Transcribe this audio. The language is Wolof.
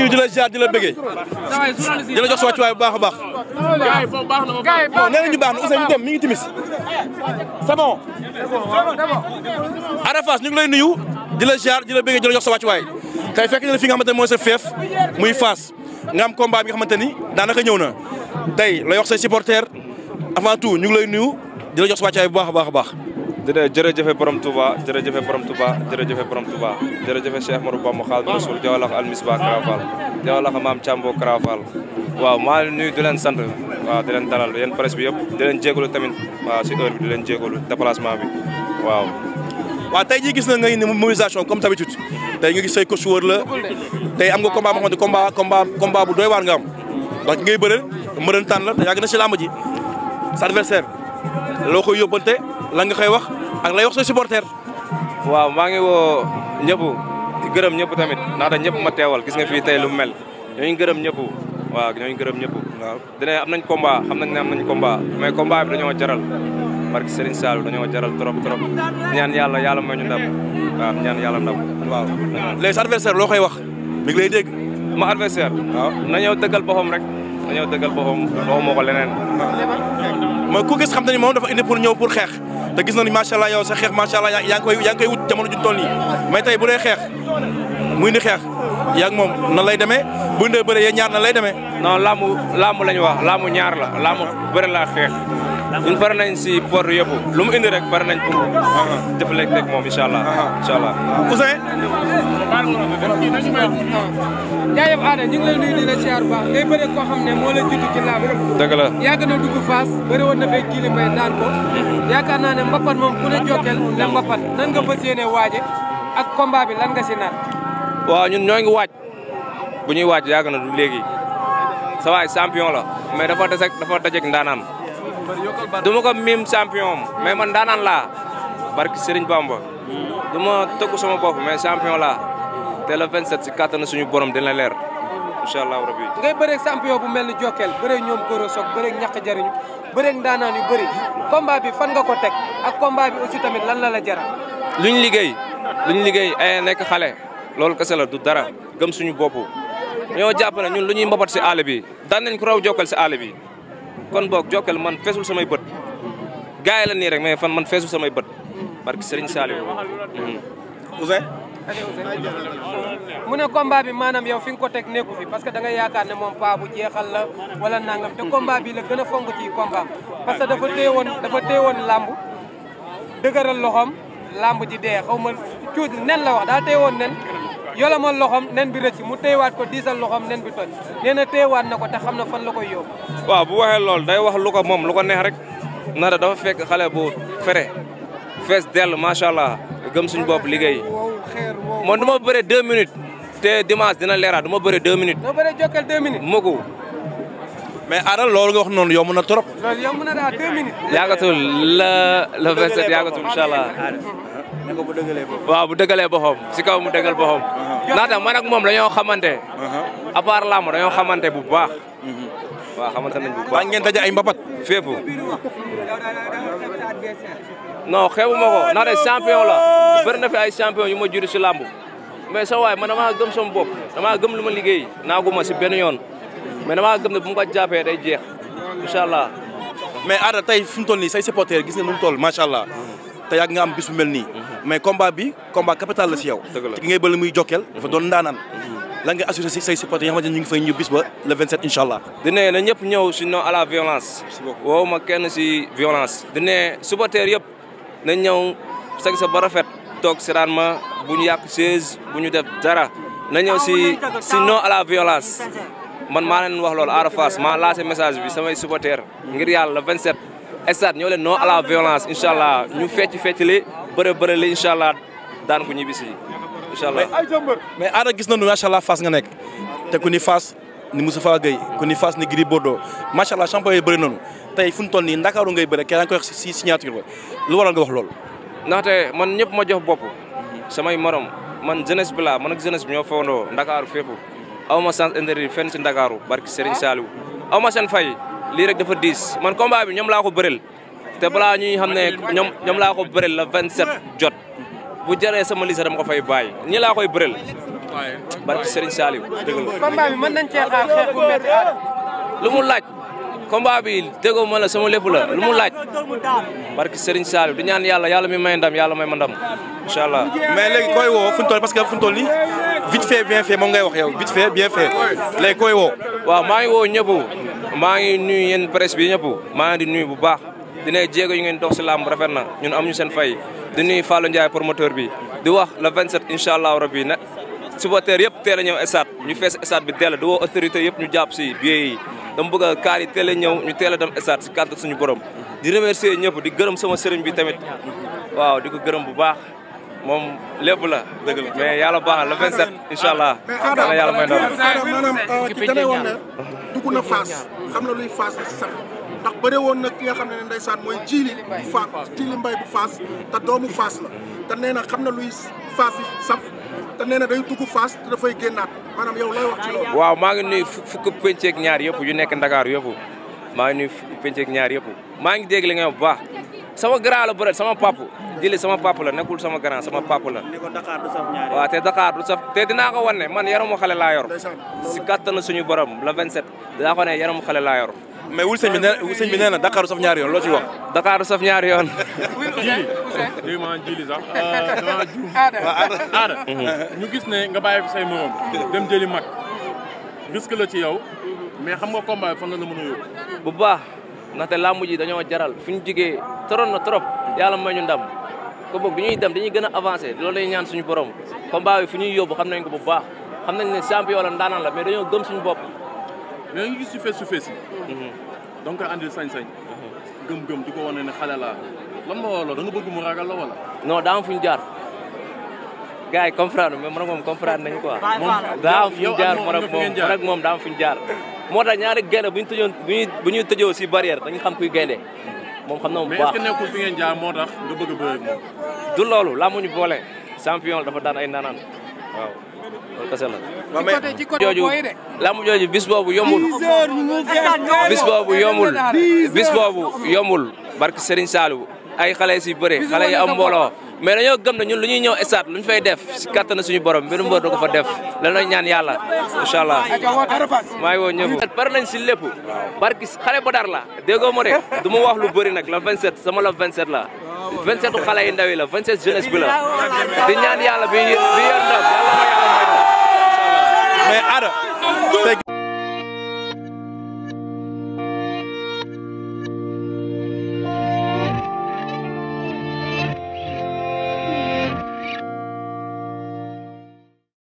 nuyu di la ziar di la bëggee di jox sa wàccuwaay bu baax a baax. gars yi foofu baax na ma nee dem mi ngi timis c'est bon. Ada ñu ngi lay nuyu di la ziar di la bëggee di la jox sa wàccuwaay tey fekk na fi nga xamante ne mooy sa feef muy Fass nga am combat bi nga xamante ni daanaka ñëw na tey lay wax say supporters avant ñu ngi lay nuyu di la jox sa wàccuwaay bu baax baax a baax. jërëjëfe borom Touba jërëjëfe borom Touba jërëjëfe borom Touba jërëjëfe Cheikh Ahmadou Bamba Xaadimu Rasuul jawalax almisba Karafal jawalax maam Thiambo Karafal waaw maa ngi nuyu di leen sant waaw di leen dalal yéen presse bi yëpp di leen jégalu tamit waaw si heure bi di leen jégalu déplacement bi waaw waaw tey jii gis na ngay ne mobilisation comme d'habitude tey nga gis say coach wër la tey am nga combat boo xamante combat combat combat bu doy waar nga am ndax la ji sa adversaire loo koy yóbbante la nga koy wax ak lay wax sa supporter. waaw maa ngi woo ñëpp gërëm ñëpp tamit naata ñëpp ma teewal gis nga fii tey lu mel ñooñu gërëm ñëpp waaw ñooñu gërëm ñëpp. waaw dina am nañ combat xam nañ ne am nañ combat mais combat bi dañoo jaral barke Serigne Sall dañoo jaral trop trop ñaan yàlla yàlla mooy ñu ndam waaw ñaan yàlla ndam. waaw les adversaires loo koy wax mi ngi lay dégg. ma adversaire waaw na ñëw dëggal boppam rek na ñëw dëggal boppam waxuma ko leneen. ma ku gis xam na ni xeex. te gis nañu macha allah yow sa xeex macha allah yaa ngi koy yaa ngi koy wut jamono ju nii mais tey bu dee xeex muy di xeex yaa ngi moom na lay demee bu ñu dee bëree yéen ñaar nan lay demee. non laamu laamu la ñu wax laamu ñaar la laamu bëri laa xeex. ñun pare nañ si port yëpp lu indi rek pare nañ pour jëfandikoo ak moom incha allah. incha allah Ousseyn. jaajëf Ada ñu ngi lay nuyu di la ziar ngay bëre koo xam ne moo la jiitu ci laab rek. dëgg la yàgg na dugg Fass bëri woon na fee Djily Mbaye daan ko. yaakaar naa ne mbapat moom ku ne jokkeel ne mbapat nan nga fas yéene waaje ak combat bi nga si nar. waaw ñun ñoo waaj bu ñuy waaj yàgg na du léegi sa waay champion la mais dafa des ak dafa dajeeg ndaanaan. du ma ko miim champion am mais man daanaan laa barki Serigne Bamba du ma tëgg sama bopp mais champion laa te le 27 si kàttanu suñu borom dina leer incha allahu rabi. ngay bëreeg champion bu mel ni Jokal bëreeg ñoom Goro Sock bëreeg ñàkk jariñu bëreeg ndaanaan yu bëri combat bi fan nga ko teg ak combat bi aussi tamit lan la la jaral. luñ liggéey luñ liggéey ay nekk xale loolu kese la du dara gëm suñu bopp ñoo jàpp ne ñun lu ñuy mbabat si àll bi daan nañ ko Jokal si àll bi. kon boog Jokal man feesul samay bët gaay la nii rek mais fan man feesul samay bët barki Serigne Saliou mm-hmm. Ousseyn mu ne combat bi maanaam yow fi nga ko teg nekku fi parce que dangay yaakaar ne moom paa bu jeexal la wala nangam te combat bi la gën a fonk ci parce que dafa téye woon dafa téye woon làmb dëgëral loxoom ji dee xaw ma cuut nen la wax daa téye woon nen yolamal loxoom nen bi rëcc mu waat ko diisal loxoom nen bi toj nee na téyewaat na ko te xam na fan la koy yóbbu. waaw bu waxee loolu day wax lu ko moom lu ko neex rek nara dafa fekk xale bu fere fees dell macha allah gëm suñu bopp liggéey man du ma bëre deux minute te dimanche dina leeraat du ma bëre deux minutes. doo bëre jokkal deux minutes muku. mais Adama loolu nga wax noonu yomb na trop. loolu yomb na daal deux minutes. yaakatul la le 27 yaakatul incha allah. ne ko bu dëggalee boppam. waaw bu dëggalee boppam si kaw mu dëggal boppam. naata man ak moom dañoo xamante. Uh-huh. à part làmb dañoo xamante bu baax. Uh-huh. waaw xamante nañ bu baax ngeen daje ay mbapat fépp. non xeebu ma ko naata champion la na fi ay champion yu ma juri si làmb mais sa waay man damaa gëm sama bopp damaa gëm lu ma liggéey naa naaguma si benn yoon mais damaa gëm ne bu mu ko jàppee day jeex incha allah. mais Ada tey fu mu toll nii say supporter gis nga nu mu macha allah te yàgg nga am bis mel nii mhm. mais combat bi combat capital la si yow ci ki ngay bëri muy jokkeel dafa doon ndaanaan mhm. lan nga si say supporters yi nga xamante ne ñu ngi ñu bis ba le 27 incha allah na ñëpp ñëw si non à la violence woow ma kenn si violence di ne supporters yëpp nañ ñëw seg sa ba rafet toog si raan ma bu ñu yàq chaise bu ñu def dara na ñëw si si no à la violence man maa leen wax loolu Ada Fass maa lancé message bi samay supporters ngir yàlla le 27 stade ñoo leen non à la violence incha allah ñu fecc fecc li bërë bërë li allah daan ko ñibisi incha allah mais aada gis nañu macha allah Fass nga nekk te ku ni Fass ni Moustapha Gueye ku ni Fass ni Gris Bordeaux macha allah champion yi bëri nañu tey fu ñu toll nii ndakaaru ngay bëre kenn ko wax si signature ba lu waral nga wax loolu. ndaxte man ñëpp ma jox bopp samay morom man jeunesse bi laa man ak jeunesse bi ñoo fowandoo ndakaaru fépp aw ma sens interdit fenn si ndakaaru barki Serigne Saliou ma seen fay. lii rek dafa diis man combat bi ñoom laa ko bëril te balaa ñuy xam ne ñoom ñoom laa ko bëril la set jot bu jaree sama liste dama ko fay bàyyi ñi laa koy bëril barki Serigne Saliou dëgg la. nañ cee xaar xeex bu métti lu mu laaj combat bi déggoo ma la sama lépp lu mu laaj barki Serigne Saliou di ñaan yàlla yàlla mi may ndam yàlla may ma ndam incha allah. mais léegi koy woo fu ñu parce que fu ñu toll nii vite fait bien fait moom ngay wax yow vite fait bien fait léegi koy woo. waaw maa woo ñëpp. maa ngi nuyu yéen presse bi ñëpp maa ngi di nuyu bu baax di ne jéego yu ngeen dox si làmb rafet na ñun amuñu seen fay di nuyu Fallou Ndiaye promoteur bi di wax le 27 incha allahu rabi na supporters yëpp teel a ñëw stade ñu fees stade bi del a di woo autorité yëpp ñu jàpp si billets yi dama kaari a teel a ñëw ñu teel a dem stade si kàddu suñu borom di remercier ñëpp di gërëm sama sëriñ bi tamit waaw di ko gërëm bu baax moom lépp la dëgg la mais yàlla baaxal le 27 incha allah. yàlla may ndaw dugg na faas xam na luy faas ak sax ndax bëre woon na ki nga xam ne ne ndeysaan mooy jiili bu faas jiili mbay bu faas te doomu faas la te nee na xam na luy faas yi saf te nee na day dugg faas te dafay génnaat maanaam yow lay wax ci loolu waaw maa ngi nuyu fukk penceeg ñaar yëpp yu nekk Ndakaaru yëpp maa ngi nuyu fukk penceeg ñaar ngi dégg li nga sama grand la bëreet sama pap jili sama pap la nekkul sama grand sama pap la waaw te Dakar du saf te dinaa ko wan ne man yaramu xale laa yor si kàttanu suñu borom la 27 dinaa ko ne yaramu xale laa yor mais wul sëñ bi nee sëñ bi nee na Dakar du saf ñaari yoon loo ciy wax. Dakar du saf ñaari yoon. jili jili maa jili sax dama juum aada ah, mhm. ñu gis ne nga bàyyi fi say morom dem jëli mag la ci yow mais xam nga combat fan la la a ndaxte làmb ji dañoo jaral fu ñu jigee toroon na trop yàlla may ñu ndam ko boog bi ñuy dem dañuy gën a avancé loolu lañuy ñaan suñu borom combat bi fu ñu yóbbu xam nañ ko bu baax xam nañ ne champion la ndaanaan la mais dañoo gëm suñu bop mais ñu gis su fees su fees yi mhm. donc andil sañ-sañ mhm. gëm-gëm di ko wane ne xale la wala da nga bëgg mu ragal la wala non fu ñu jaar gars yi comprendre mais man ak moom comprendre nañ quoi daa moom daa fu ñu jaar moo tax ñaari gaynde bu ñu tëjoon bu bu ñuy tëjoo si barrière dañu xam kuy gaynde moom xam na moom bu baax mais est nga bëgg a du loolu laa ñu ñu boole champion dafa daan ay naanaan waaw loolu kese la. mais ci côté jooju laa mu jooju bis boobu yombul. bis boobu yombul. bis boobu yombul. barke Serigne ay xale si bëre xale yi am mbooloo. mais dañoo gëm na ñun lu ñuy ñëw stade lu ñu fay def si kàttan suñu borom mbirum mbër du ko fa def lanoy ñaan yàlla incha allah maa ngi woo ñëpp pare nañ si lépp barki xale ba dar la déggoo ma de du ma wax lu bëri nag la 27 sama la 27 la 27 xale yi ndaw la 27 jeunesse bi la di ñaan yàlla bi bi yor ndam yàlla ma ada